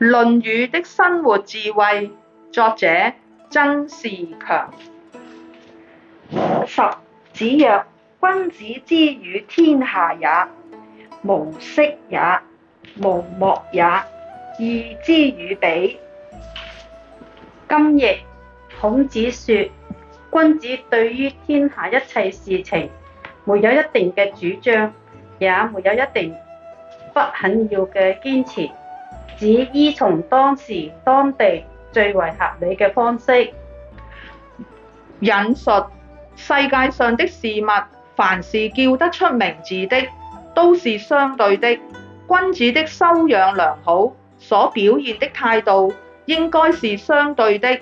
《論語》的生活智慧，作者曾仕強。十子曰：君子之於天下也，無適也，無莫也，義之與比。今亦孔子說：君子對於天下一切事情，沒有一定嘅主張，也沒有一定不肯要嘅堅持。只依從當時當地最為合理嘅方式引述，世界上的事物，凡是叫得出名字的，都是相對的。君子的修養良好，所表現的態度應該是相對的，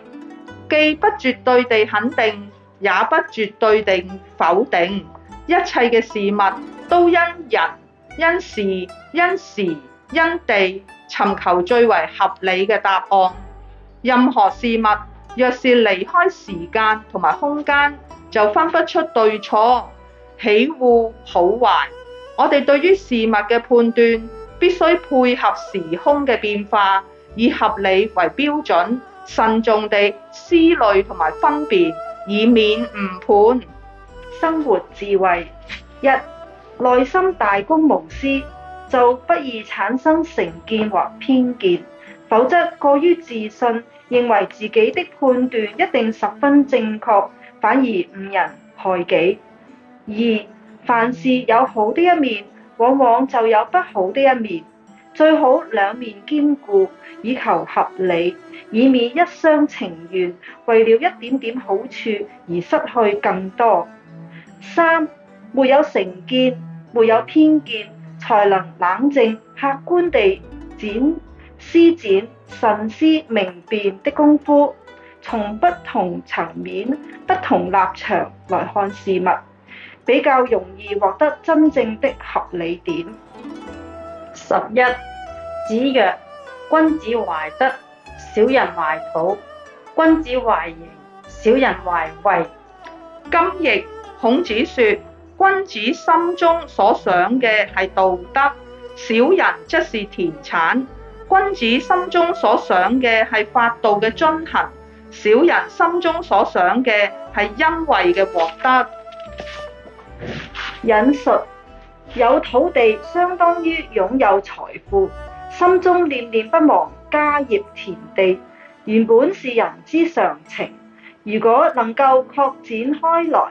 既不絕對地肯定，也不絕對地否定。一切嘅事物都因人、因事、因時、因地，尋求最為合理嘅答案。任何事物，若是離開時間同埋空間，就分不出對錯、喜惡、好壞。我哋對於事物嘅判斷，必須配合時空嘅變化，以合理為標準，慎重地思慮同埋分辨，以免誤判。生活智慧一：內心大公無私。就不易產生成見或偏見，否則過於自信，認為自己的判斷一定十分正確，反而誤人害己。二，凡事有好的一面，往往就有不好的一面，最好兩面兼顧，以求合理，以免一廂情願，為了一點點好處而失去更多。三，沒有成見，沒有偏見。才能冷靜、客觀地展施展、慎思明辨的功夫，從不同層面、不同立場來看事物，比較容易獲得真正的合理點。十一，子曰：君子懷德，小人懷土；君子懷刑，小人懷惠。今譯孔子說：君子心中所想嘅係道德，小人則是田產；君子心中所想嘅係法度嘅遵循，小人心中所想嘅係恩惠嘅獲得。引述有土地相當於擁有財富，心中念念不忘家業田地，原本是人之常情。如果能夠擴展開來，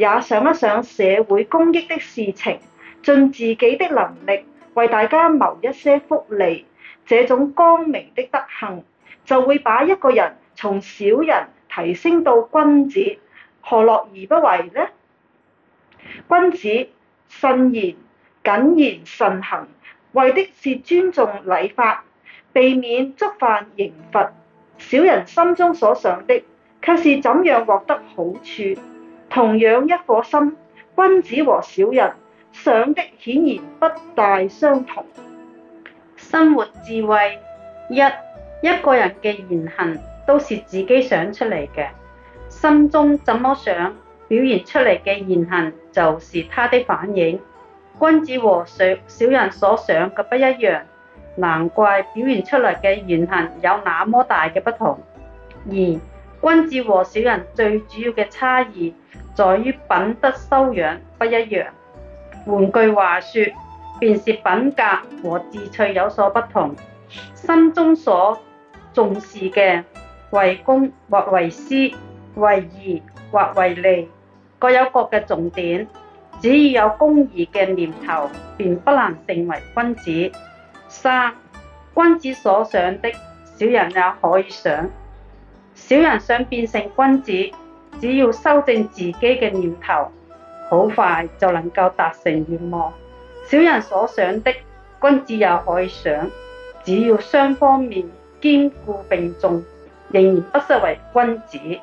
也想一想社會公益的事情，盡自己的能力為大家謀一些福利，這種光明的德行，就會把一個人從小人提升到君子，何樂而不為呢？君子慎言，謹言慎行，為的是尊重禮法，避免觸犯刑罰。小人心中所想的，卻是怎樣獲得好處。同樣一顆心，君子和小人想的顯然不大相同。生活智慧一，一個人嘅言行都是自己想出嚟嘅，心中怎麼想，表現出嚟嘅言行就是他的反應。君子和上小人所想嘅不一樣，難怪表現出嚟嘅言行有那麼大嘅不同。二，君子和小人最主要嘅差異在於品德修養不一樣，換句話說，便是品格和志趣有所不同。心中所重視嘅為公或為私，為義或為利，各有各嘅重點，只要有公義嘅念頭，便不能成為君子。三，君子所想的，小人也可以想。小人想變成君子，只要修正自己嘅念頭，好快就能夠達成願望。小人所想的，君子也可以想，只要雙方面兼顧並重，仍然不失為君子。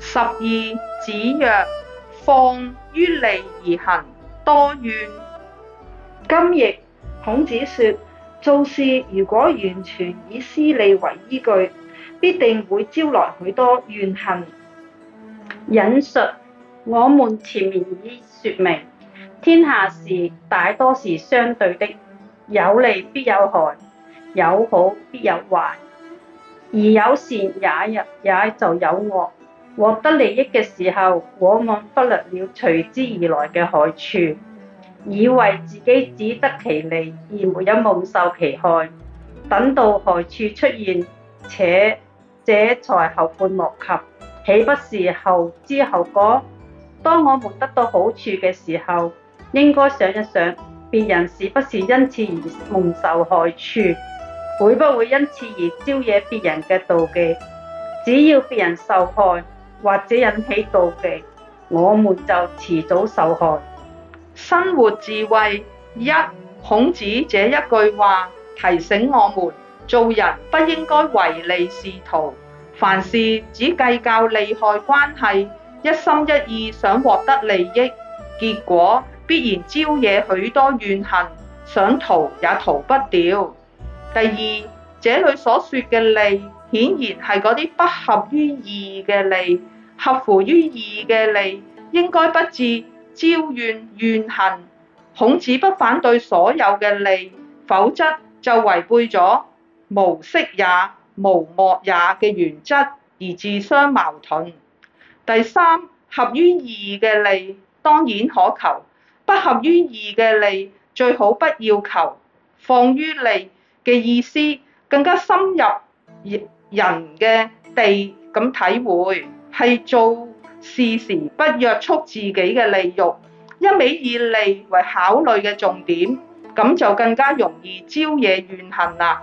十二子曰：放於利而行，多怨。今譯孔子說：做事如果完全以私利為依據。必定會招來許多怨恨。引述我們前面已說明，天下事大多是相對的，有利必有害，有好必有壞，而有善也也就有惡。獲得利益嘅時候，往往忽略了隨之而來嘅害處，以為自己只得其利而沒有蒙受其害。等到害處出現，且這才後悔莫及，豈不是後知後覺？當我們得到好處嘅時候，應該想一想，別人是不是因此而蒙受害處？會不會因此而招惹別人嘅妒忌？只要別人受害或者引起妒忌，我們就遲早受害。生活智慧一，孔子這一句話提醒我們。做人不應該唯利是圖，凡事只計較利害關係，一心一意想獲得利益，結果必然招惹許多怨恨，想逃也逃不掉。第二，這裡所說嘅利，顯然係嗰啲不合於義嘅利，合乎於義嘅利，應該不致招怨怨恨。孔子不反對所有嘅利，否則就違背咗。無適也無莫也嘅原則，而自相矛盾。第三，合於義嘅利當然可求，不合於義嘅利最好不要求。放於利嘅意思更加深入，人嘅地咁體會係做事時不約束自己嘅利慾，一味以利為考慮嘅重點，咁就更加容易招惹怨恨啦。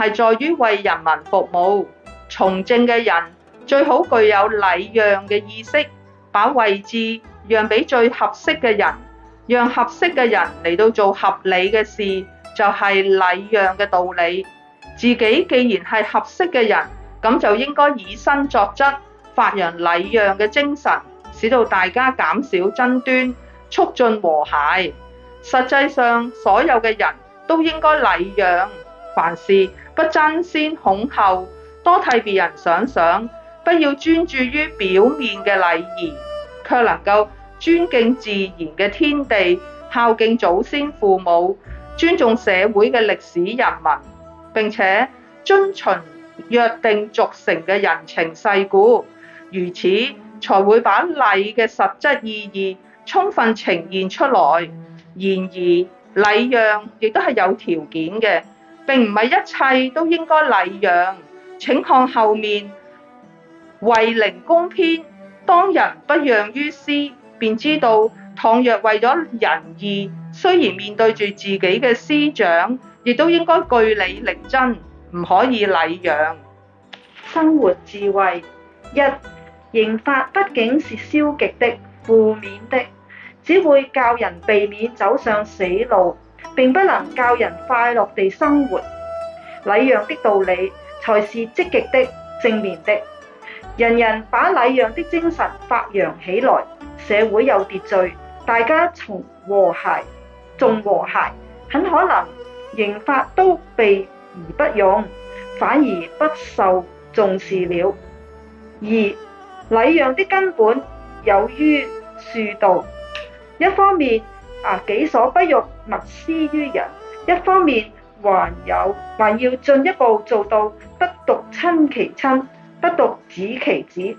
係在於為人民服務，從政嘅人最好具有禮讓嘅意識，把位置讓俾最合適嘅人，讓合適嘅人嚟到做合理嘅事，就係禮讓嘅道理。自己既然係合適嘅人，咁就應該以身作則，發揚禮讓嘅精神，使到大家減少爭端，促進和諧。實際上，所有嘅人都應該禮讓。凡事不爭先恐後，多替別人想想，不要專注於表面嘅禮儀，却能夠尊敬自然嘅天地，孝敬祖先父母，尊重社會嘅歷史人民，並且遵循約定俗成嘅人情世故，如此才會把禮嘅實質意義充分呈現出來。然而，禮讓亦都係有條件嘅。並唔係一切都應該禮讓，請看後面《衛靈公篇》，當仁不讓於師，便知道倘若為咗仁義，雖然面對住自己嘅師長，亦都應該據理力爭，唔可以禮讓。生活智慧一刑法畢竟是消極的、負面的，只會教人避免走上死路。並不能教人快樂地生活，禮讓的道理才是積極的、正面的。人人把禮讓的精神發揚起來，社會有秩序，大家從和諧，重和諧，很可能刑法都備而不用，反而不受重視了。二禮讓的根本有於恕道，一方面啊，己所不欲。勿施於人，一方面還有還要進一步做到不獨親其親，不獨子其子。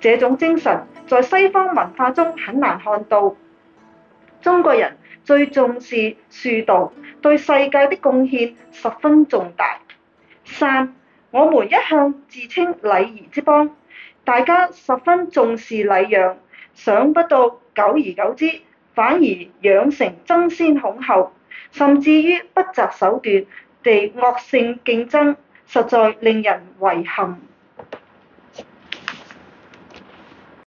這種精神在西方文化中很難看到。中國人最重視恕道，對世界的貢獻十分重大。三，我們一向自稱禮儀之邦，大家十分重視禮讓，想不到久而久之，反而養成爭先恐後，甚至於不擇手段地惡性競爭，實在令人遺憾。